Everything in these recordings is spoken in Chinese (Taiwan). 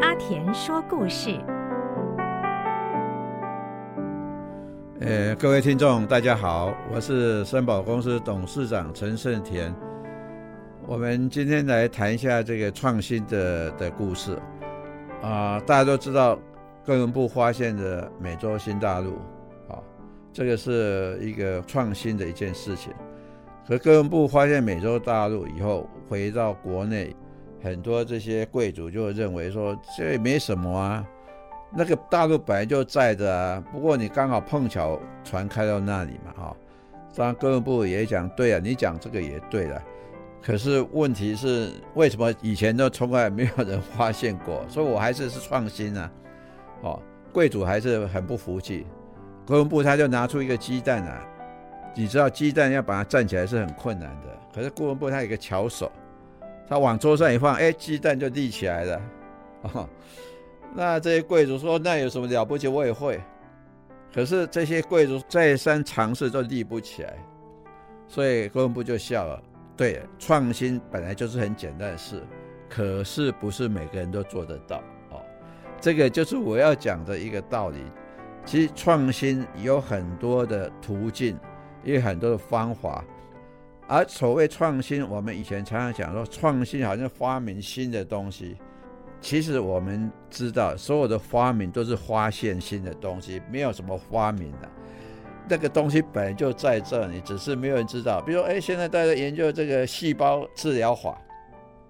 阿田說故事。哎，各位聽眾，大家好，我是森寶公司董事長陳勝田。我們今天來談一下這個創新的的故事。啊，大家都知道哥倫布發現的美洲新大陸啊，這個是一個創新的一件事情。和哥倫布發現美洲大陸以後，回到國內。很多這些貴族就認為說這也沒什麼啊，那個大陸本來就在的啊，不過你剛好碰巧船開到那裡嘛，哈、哦。當然哥倫布也講對啊，你講這個也對了，可是問題是為什麼以前都從來沒有人發現過？所以我還是是創新啊，哦，貴族還是很不服氣。哥倫布他就拿出一個雞蛋啊，你知道雞蛋要把它站起來是很困難的，可是哥倫布他有一個巧手。他往桌上一放，哎，雞蛋就立起來了。哦，那這些貴族說：“那有什麼了不起？我也會。”可是這些貴族再三嘗試都立不起來，所以哥倫布就笑了。對，創新本來就是很簡單的事，可是不是每個人都做得到。哦，這個就是我要講的一個道理。其實創新有很多的途徑，也有很多的方法。而所謂創新，我們以前常常講說，創新好像發明新的東西，其實我們知道所有的發明都是發現新的東西，沒有什麼發明的，啊。那個東西本來就在這裡，只是沒有人知道。比如說，誒，現在大家研究這個細胞治療法，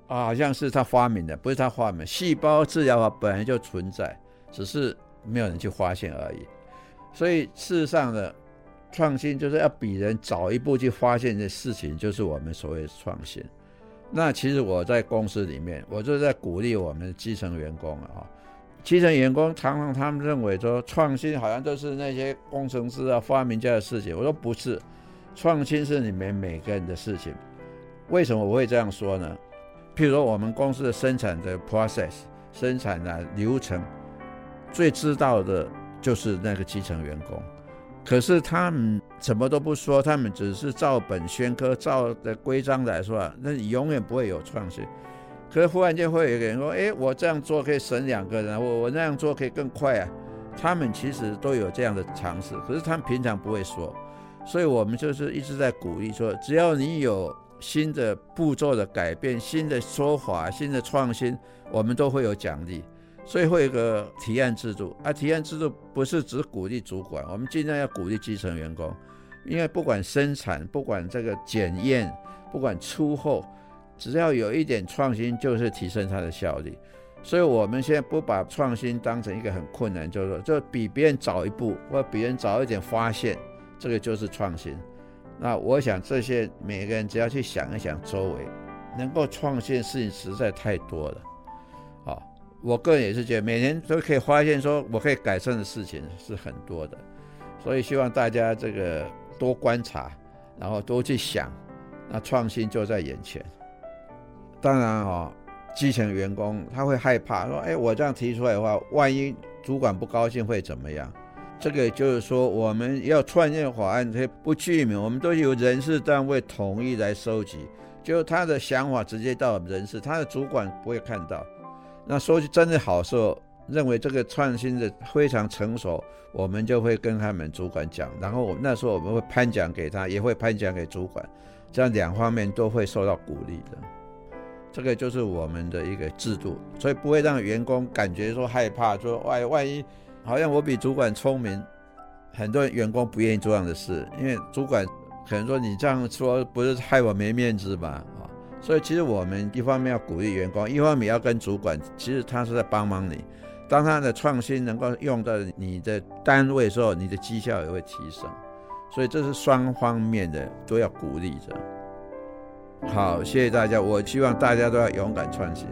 啊，好像是他發明的，不是他發明。細胞治療法本來就存在，只是沒有人去發現而已。所以，事實上呢？創新就是要比人早一步去發現的事情，就是我們所謂的創新。那其實我在公司裡面，我就在鼓勵我們的基層員工啊。基層員工常常他們認為說，創新好像都是那些工程師啊、發明家的事情。我說不是，創新是你們每個人的事情。為什麼我會這樣說呢？譬如我們公司的生產的 process、生產的流程，最知道的就是那個基層員工。可是他們什麼都不說，他們只是照本宣科，照的規章來說，那你永遠不會有創新。可是忽然間會有人說：“誒，我這樣做可以省兩個人，我我那樣做可以更快啊！”他們其實都有這樣的嘗試，可是他們平常不會說。所以我們就是一直在鼓勵說：只要你有新的步驟的改變、新的說法、新的創新，我們都會有獎勵。最後一個提案制度啊，提案制度不是只鼓勵主管，我們盡量要鼓勵基層員工，因為不管生產，不管這個檢驗，不管出貨，只要有一點創新，就是提升它的效率。所以，我們現在不把創新當成一個很困難，就是說就比別人早一步，或比別人早一點發現，這個就是創新。那我想，這些每個人只要去想一想周，周圍能夠創新的事情實在太多了。我個人也是覺得，每年都可以發現，說我可以改善的事情是很多的，所以希望大家這個多觀察，然後多去想，那創新就在眼前。當然哦，基層員工他會害怕，說：“哎，我這樣提出來的話，萬一主管不高興會怎麼樣？”這個就是說，我們要創建法案，這不具名，我們都由人事單位統一來收集，就他的想法直接到人事，他的主管不會看到。那說句真的好說，認為這個創新的非常成熟，我們就會跟他們主管講，然後我那時候我們會頒獎給他，也會頒獎給主管，這樣兩方面都會受到鼓勵的。這個就是我們的一個制度，所以不會讓員工感覺說害怕，說萬萬一好像我比主管聰明，很多員工不願意做這樣的事，因為主管可能說，你這樣說不是害我沒面子嗎？所以，其實我們一方面要鼓勵員工，一方面要跟主管。其實他是在幫忙你，當他的創新能夠用到你的單位的時候，你的績效也會提升。所以這是雙方面的，都要鼓勵着。好，謝謝大家。我希望大家都要勇敢創新。